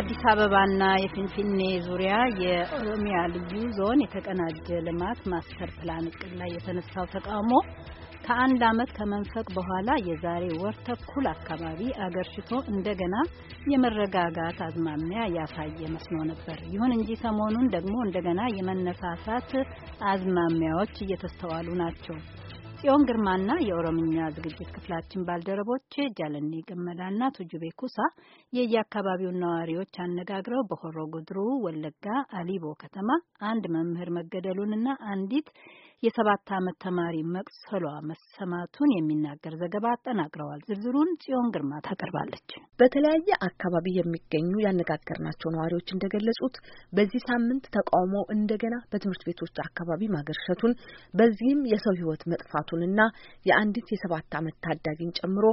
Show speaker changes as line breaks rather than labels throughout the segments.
በአዲስ አበባና የፊንፊኔ ዙሪያ የኦሮሚያ ልዩ ዞን የተቀናጀ ልማት ማስተር ፕላን እቅድ ላይ የተነሳው ተቃውሞ ከአንድ ዓመት ከመንፈቅ በኋላ የዛሬ ወር ተኩል አካባቢ አገርሽቶ እንደገና የመረጋጋት አዝማሚያ ያሳየ መስኖ ነበር። ይሁን እንጂ ሰሞኑን ደግሞ እንደገና የመነሳሳት አዝማሚያዎች እየተስተዋሉ ናቸው። ጽዮን ግርማና የኦሮምኛ ዝግጅት ክፍላችን ባልደረቦች ጃለኔ ገመዳና ቱጁቤ ኩሳ የየአካባቢውን ነዋሪዎች አነጋግረው በሆሮ ጉድሩ ወለጋ አሊቦ ከተማ አንድ መምህር መገደሉንና አንዲት የሰባት ዓመት ተማሪ መቁሰሏ መሰማቱን የሚናገር ዘገባ አጠናቅረዋል። ዝርዝሩን ጽዮን ግርማ ታቀርባለች። በተለያየ አካባቢ የሚገኙ ያነጋገርናቸው ነዋሪዎች እንደገለጹት በዚህ ሳምንት ተቃውሞ እንደገና በትምህርት ቤቶች አካባቢ ማገርሸቱን በዚህም የሰው ሕይወት መጥፋቱንና የአንዲት የሰባት ዓመት ታዳጊን ጨምሮ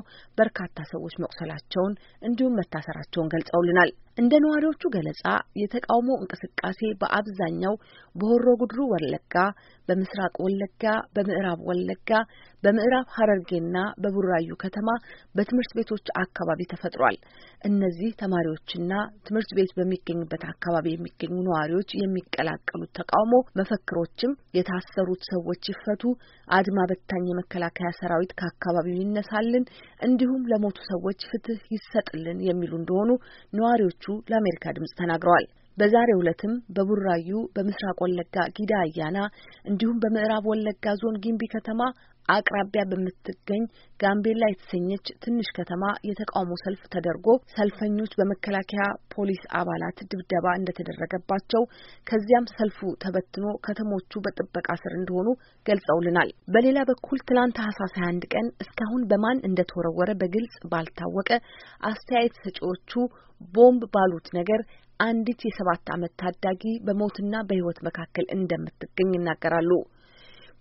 በርካታ ሰዎች መቁሰላቸውን እንዲሁም መታሰራቸውን ገልጸውልናል። እንደ ነዋሪዎቹ ገለጻ የተቃውሞ እንቅስቃሴ በአብዛኛው በሆሮ ጉድሩ ወለጋ፣ በምስራቅ ወለጋ፣ በምዕራብ ወለጋ፣ በምዕራብ ሀረርጌና በቡራዩ ከተማ በትምህርት ቤቶች አካባቢ ተፈጥሯል። እነዚህ ተማሪዎችና ትምህርት ቤት በሚገኝበት አካባቢ የሚገኙ ነዋሪዎች የሚቀላቀሉት ተቃውሞ መፈክሮችም የታሰሩት ሰዎች ይፈቱ፣ አድማ በታኝ የመከላከያ ሰራዊት ከአካባቢው ይነሳልን፣ እንዲሁም ለሞቱ ሰዎች ፍትህ ይሰጥልን የሚሉ እንደሆኑ ነዋሪዎች እንደሚኖራችሁ ለአሜሪካ ድምጽ ተናግረዋል። በዛሬው ዕለትም በቡራዩ፣ በምስራቅ ወለጋ ጊዳ አያና እንዲሁም በምዕራብ ወለጋ ዞን ጊምቢ ከተማ አቅራቢያ በምትገኝ ጋምቤላ የተሰኘች ትንሽ ከተማ የተቃውሞ ሰልፍ ተደርጎ ሰልፈኞች በመከላከያ ፖሊስ አባላት ድብደባ እንደተደረገባቸው ከዚያም ሰልፉ ተበትኖ ከተሞቹ በጥበቃ ስር እንደሆኑ ገልጸውልናል። በሌላ በኩል ትላንት ታህሳስ 21 ቀን እስካሁን በማን እንደተወረወረ በግልጽ ባልታወቀ አስተያየት ሰጪዎቹ ቦምብ ባሉት ነገር አንዲት የሰባት ዓመት ታዳጊ በሞትና በሕይወት መካከል እንደምትገኝ ይናገራሉ።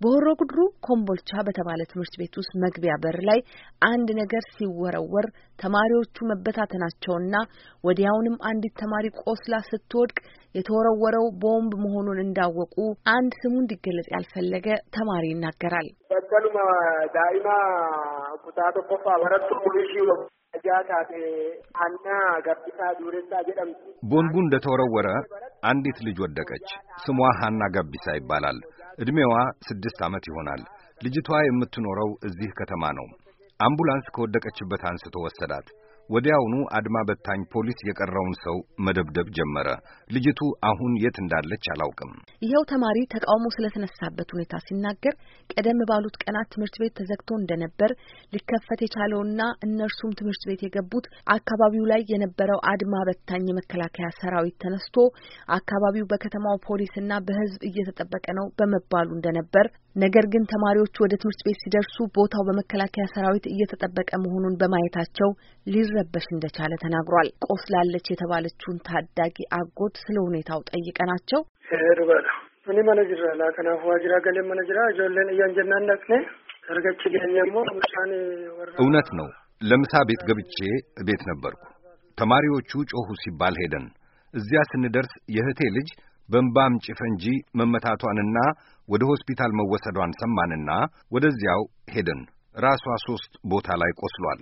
በሆሮ ጉድሩ ኮምቦልቻ በተባለ ትምህርት ቤት ውስጥ መግቢያ በር ላይ አንድ ነገር ሲወረወር ተማሪዎቹ መበታተናቸውና ወዲያውንም አንዲት ተማሪ ቆስላ ስትወድቅ የተወረወረው ቦምብ መሆኑን እንዳወቁ አንድ ስሙ እንዲገለጽ ያልፈለገ ተማሪ ይናገራል።
ቦምቡ እንደተወረወረ አንዲት ልጅ ወደቀች። ስሟ ሀና ገቢሳ ይባላል። ዕድሜዋ ስድስት ዓመት ይሆናል። ልጅቷ የምትኖረው እዚህ ከተማ ነው። አምቡላንስ ከወደቀችበት አንስቶ ወሰዳት። ወዲያውኑ አድማ በታኝ ፖሊስ የቀረውን ሰው መደብደብ ጀመረ። ልጅቱ አሁን የት እንዳለች አላውቅም።
ይኸው ተማሪ ተቃውሞ ስለተነሳበት ሁኔታ ሲናገር ቀደም ባሉት ቀናት ትምህርት ቤት ተዘግቶ እንደነበር ሊከፈት የቻለውና እነርሱም ትምህርት ቤት የገቡት አካባቢው ላይ የነበረው አድማ በታኝ የመከላከያ ሰራዊት ተነስቶ አካባቢው በከተማው ፖሊስና በሕዝብ እየተጠበቀ ነው በመባሉ እንደነበር ነገር ግን ተማሪዎቹ ወደ ትምህርት ቤት ሲደርሱ ቦታው በመከላከያ ሰራዊት እየተጠበቀ መሆኑን በማየታቸው ሊረበሽ እንደቻለ ተናግሯል። ቆስላለች የተባለችውን ታዳጊ አጎት ስለ ሁኔታው ጠይቀናቸው
እኔ መነጅራ ላከናፉ ዋጅራ ገሌ መነጅራ ጆለን እያንጀናነት ነ ተርገች ገኘሞ ምሳኔ
እውነት ነው። ለምሳ ቤት ገብቼ ቤት ነበርኩ። ተማሪዎቹ ጮኹ ሲባል ሄደን እዚያ ስንደርስ የእህቴ ልጅ በእምባም ጭፈንጂ መመታቷንና ወደ ሆስፒታል መወሰዷን ሰማንና ወደዚያው ሄድን። ራሷ ሦስት ቦታ ላይ ቆስሏል።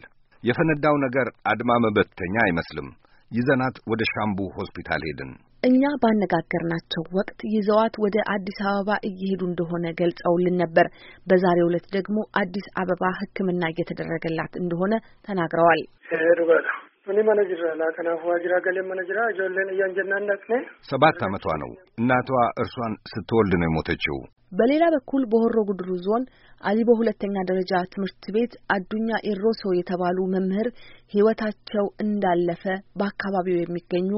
የፈነዳው ነገር አድማ መበተኛ አይመስልም። ይዘናት ወደ ሻምቡ ሆስፒታል ሄድን።
እኛ ባነጋገርናቸው ወቅት ይዘዋት ወደ አዲስ አበባ እየሄዱ እንደሆነ ገልጸውልን ነበር። በዛሬው ዕለት ደግሞ አዲስ አበባ ሕክምና እየተደረገላት እንደሆነ ተናግረዋል።
እኔ መነጅራ ላከናፉ አጅራ ገሌ መነጅራ ጆለን እያንጀናነት ነ
ሰባት አመቷ ነው። እናቷ እርሷን ስትወልድ ነው የሞተችው።
በሌላ በኩል በሆሮ ጉድሩ ዞን አሊቦ ሁለተኛ ደረጃ ትምህርት ቤት አዱኛ ኢሮሶ የተባሉ መምህር ህይወታቸው እንዳለፈ በአካባቢው የሚገኙ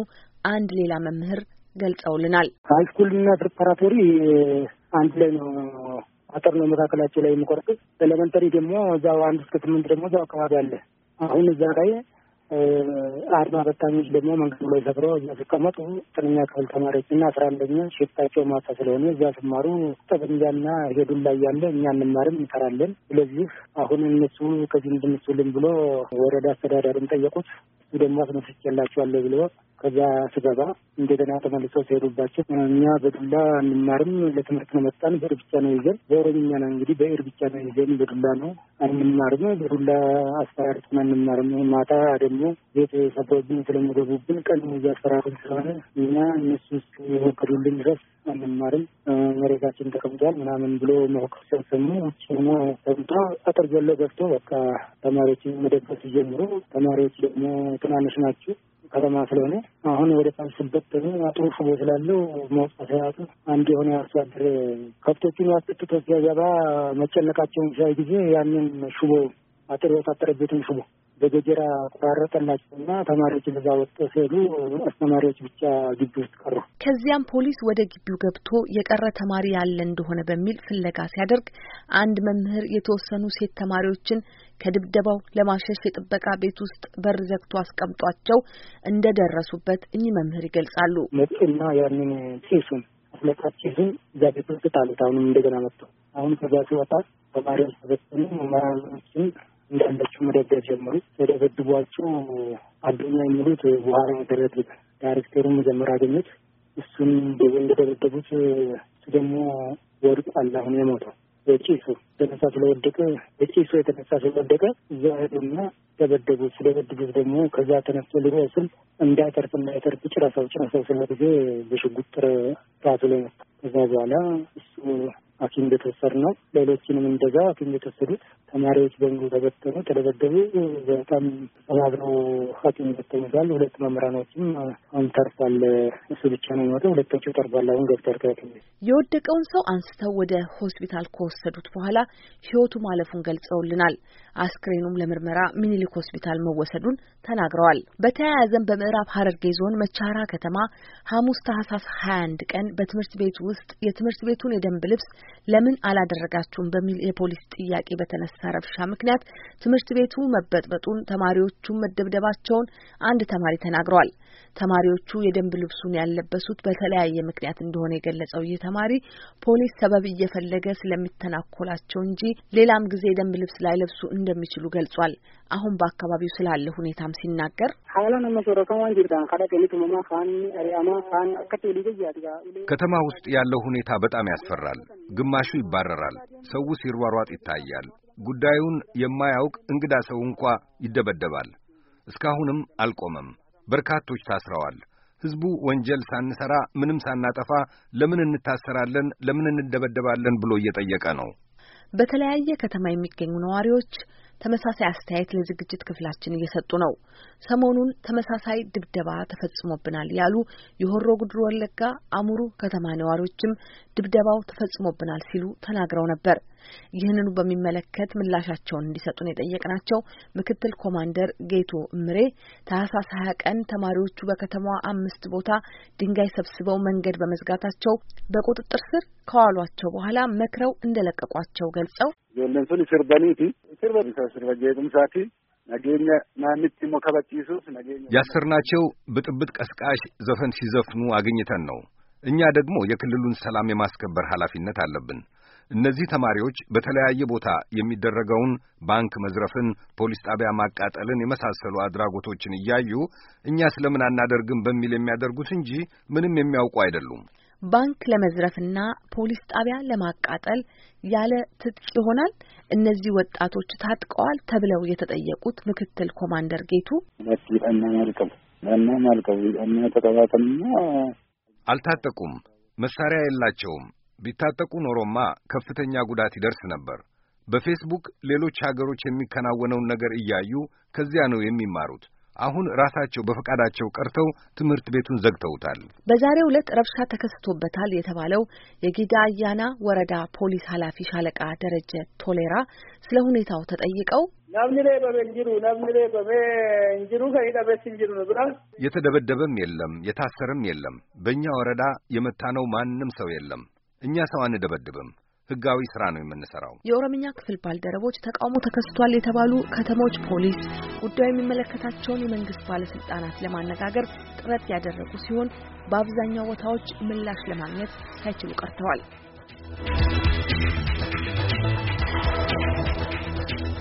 አንድ ሌላ መምህር ገልጸውልናል። ሃይስኩልና
ፕሪፓራቶሪ አንድ ላይ ነው አጥር ነው መካከላቸው ላይ የሚቆርጥ ኤሌመንተሪ ደግሞ እዛው አንድ እስከ ስምንት ደግሞ እዛው አካባቢ አለ። አሁን እዛ ላይ አድማ በታኞች ደግሞ መንገዱ ላይ ሰፍረው እኛ ሲቀመጡ ዘጠነኛ ክፍል ተማሪዎች እና አስራ አንደኛ ሽፍታቸው ማታ ስለሆነ እዚያ ስማሩ ጠበንጃና ሄዱን ላይ ያለ እኛ እንማርም እንሰራለን። ስለዚህ አሁን እነሱ ከዚህ እንድንሱልን ብሎ ወረዳ አስተዳዳሪም ጠየቁት። ደግሞ አስመስጭ የላቸዋለሁ ከዛ ስገባ እንደገና ተመልሶ ሲሄዱባቸው እኛ በዱላ አንማርም፣ ለትምህርት ነው መጣን፣ ብቻ ነው ይዘን በኦሮምኛ ነው እንግዲህ ብቻ ነው ይዘን በዱላ ነው አንማርም፣ በዱላ አስፈራሪቱን አንማርም። ማታ ደግሞ ቤት ሰብረውብን ስለሚገቡብን ቀን እያስፈራሩን ስለሆነ እኛ እነሱ ውስጥ የወገዱልን ድረስ አንማርም፣ መሬታችን ተቀምጧል ምናምን ብሎ መወቅር ሲያሰሙ ውጭ ሆኖ ተምቶ አጥር ዘሎ ገብቶ በቃ ተማሪዎችን መደገፍ ሲጀምሩ ተማሪዎች ደግሞ ትናንሽ ናቸው ከተማ ስለሆነ አሁን ወደ ጣል ስበት ደግሞ ጥሩ ስላለው መውጣት ያጡ አንድ የሆነ አርሶ አደር ከብቶቹን ያስጥጥቶ ሲያገባ መጨነቃቸውን ሲያይ ጊዜ ያንን ሽቦ አጥር የታጠረበትን ሽቦ በገጀራ ቆራረጠላቸውና ተማሪዎች በዛ ወጥ ሲሄዱ አስተማሪዎች ብቻ ግቢ ውስጥ ቀሩ።
ከዚያም ፖሊስ ወደ ግቢው ገብቶ የቀረ ተማሪ ያለ እንደሆነ በሚል ፍለጋ ሲያደርግ አንድ መምህር የተወሰኑ ሴት ተማሪዎችን ከድብደባው ለማሸሽ የጥበቃ ቤት ውስጥ በር ዘግቶ አስቀምጧቸው እንደደረሱበት እኚህ መምህር ይገልጻሉ። መጡና ያንን ጭሱን
አስለቃች ጭሱን እዛ ቤት ውስጥ ጣሉት። አሁንም እንደገና መጡ። አሁን ከዛ ሲወጣ ተማሪዎች ተበተኑ። መምህራኖችን እንዳንዳቸው መደብደብ ጀመሩ። ተደበድቧቸው አዶኛ የሚሉት በኋላ ደረግ ዳይሬክተሩ መጀመር አገኙት። እሱን እንደዚህ እንደደበደቡት እሱ ደግሞ ወድቋል። አሁን የሞተው በጭሱ የተነሳ ስለወደቀ በጭሱ የተነሳ ስለወደቀ እዛ ሄዱና ተበደቡ። ስለበደቡት ደግሞ ከዛ ተነስቶ ሊመስል ስል እንዳይተርፍ እንዳይተርፍ ጭራሳው ጭራሳው ስለ ጊዜ በሽጉጥር ራሱ ላይ ከዛ በኋላ እሱ ሐኪም ቤት ነው። ሌሎችንም እንደዛ ሐኪም ቤት ተማሪዎች በሙሉ ተበተኑ፣ ተደበደቡ። በጣም ተማግረው ሐኪም ቤት ሁለት መምህራኖችም አሁን ተርፏል። እሱ ብቻ ነው ሞተ። ሁለታቸው ተርፏል። አሁን ገብተር
ሐኪም የወደቀውን ሰው አንስተው ወደ ሆስፒታል ከወሰዱት በኋላ ህይወቱ ማለፉን ገልጸውልናል። አስክሬኑም ለምርመራ ሚኒሊክ ሆስፒታል መወሰዱን ተናግረዋል። በተያያዘም በምዕራብ ሀረርጌ ዞን መቻራ ከተማ ሐሙስ ታህሳስ 21 ቀን በትምህርት ቤት ውስጥ የትምህርት ቤቱን የደንብ ልብስ ለምን አላደረጋችሁም በሚል የፖሊስ ጥያቄ በተነሳ ረብሻ ምክንያት ትምህርት ቤቱ መበጥበጡን፣ ተማሪዎቹ መደብደባቸውን አንድ ተማሪ ተናግሯል። ተማሪዎቹ የደንብ ልብሱን ያለበሱት በተለያየ ምክንያት እንደሆነ የገለጸው ይህ ተማሪ ፖሊስ ሰበብ እየፈለገ ስለሚተናኮላቸው እንጂ ሌላም ጊዜ የደንብ ልብስ ላይለብሱ እንደሚችሉ ገልጿል። አሁን በአካባቢው ስላለ ሁኔታም ሲናገር
ከተማ ውስጥ ያለው ሁኔታ በጣም ያስፈራል። ግማሹ ይባረራል፣ ሰው ሲሯሯጥ ይታያል። ጉዳዩን የማያውቅ እንግዳ ሰው እንኳ ይደበደባል። እስካሁንም አልቆመም። በርካቶች ታስረዋል። ሕዝቡ ወንጀል ሳንሰራ ምንም ሳናጠፋ ለምን እንታሰራለን፣ ለምን እንደበደባለን ብሎ እየጠየቀ ነው።
በተለያየ ከተማ የሚገኙ ነዋሪዎች ተመሳሳይ አስተያየት ለዝግጅት ክፍላችን እየሰጡ ነው። ሰሞኑን ተመሳሳይ ድብደባ ተፈጽሞብናል ያሉ የሆሮ ጉድሩ ወለጋ አሙሩ ከተማ ነዋሪዎችም ድብደባው ተፈጽሞብናል ሲሉ ተናግረው ነበር። ይህንኑ በሚመለከት ምላሻቸውን እንዲሰጡን የጠየቅናቸው ምክትል ኮማንደር ጌቶ እምሬ ታህሳስ ሀያ ቀን ተማሪዎቹ በከተማዋ አምስት ቦታ ድንጋይ ሰብስበው መንገድ በመዝጋታቸው በቁጥጥር ስር ከዋሏቸው በኋላ መክረው እንደለቀቋቸው ገልጸው
sirba
ያሰርናቸው ብጥብጥ ቀስቃሽ ዘፈን ሲዘፍኑ አግኝተን ነው። እኛ ደግሞ የክልሉን ሰላም የማስከበር ኃላፊነት አለብን። እነዚህ ተማሪዎች በተለያየ ቦታ የሚደረገውን ባንክ መዝረፍን፣ ፖሊስ ጣቢያ ማቃጠልን የመሳሰሉ አድራጎቶችን እያዩ እኛ ስለምን አናደርግም በሚል የሚያደርጉት እንጂ ምንም የሚያውቁ አይደሉም።
ባንክ ለመዝረፍና ፖሊስ ጣቢያ ለማቃጠል ያለ ትጥቅ ይሆናል? እነዚህ ወጣቶች ታጥቀዋል ተብለው የተጠየቁት ምክትል ኮማንደር ጌቱ
አልታጠቁም፣ መሳሪያ የላቸውም። ቢታጠቁ ኖሮማ ከፍተኛ ጉዳት ይደርስ ነበር። በፌስቡክ ሌሎች ሀገሮች የሚከናወነውን ነገር እያዩ ከዚያ ነው የሚማሩት። አሁን ራሳቸው በፈቃዳቸው ቀርተው ትምህርት ቤቱን ዘግተውታል።
በዛሬው ዕለት ረብሻ ተከስቶበታል የተባለው የጊዳ አያና ወረዳ ፖሊስ ኃላፊ ሻለቃ ደረጀ ቶሌራ ስለ ሁኔታው ተጠይቀው
የተደበደበም የለም የታሰረም የለም። በእኛ ወረዳ የመታነው ማንም ሰው የለም። እኛ ሰው አንደበድብም። ህጋዊ ስራ ነው የምንሰራው።
የኦሮምኛ ክፍል ባልደረቦች ተቃውሞ ተከስቷል የተባሉ ከተሞች ፖሊስ ጉዳዩ የሚመለከታቸውን የመንግስት ባለስልጣናት ለማነጋገር ጥረት ያደረጉ ሲሆን በአብዛኛው ቦታዎች ምላሽ ለማግኘት ሳይችሉ ቀርተዋል።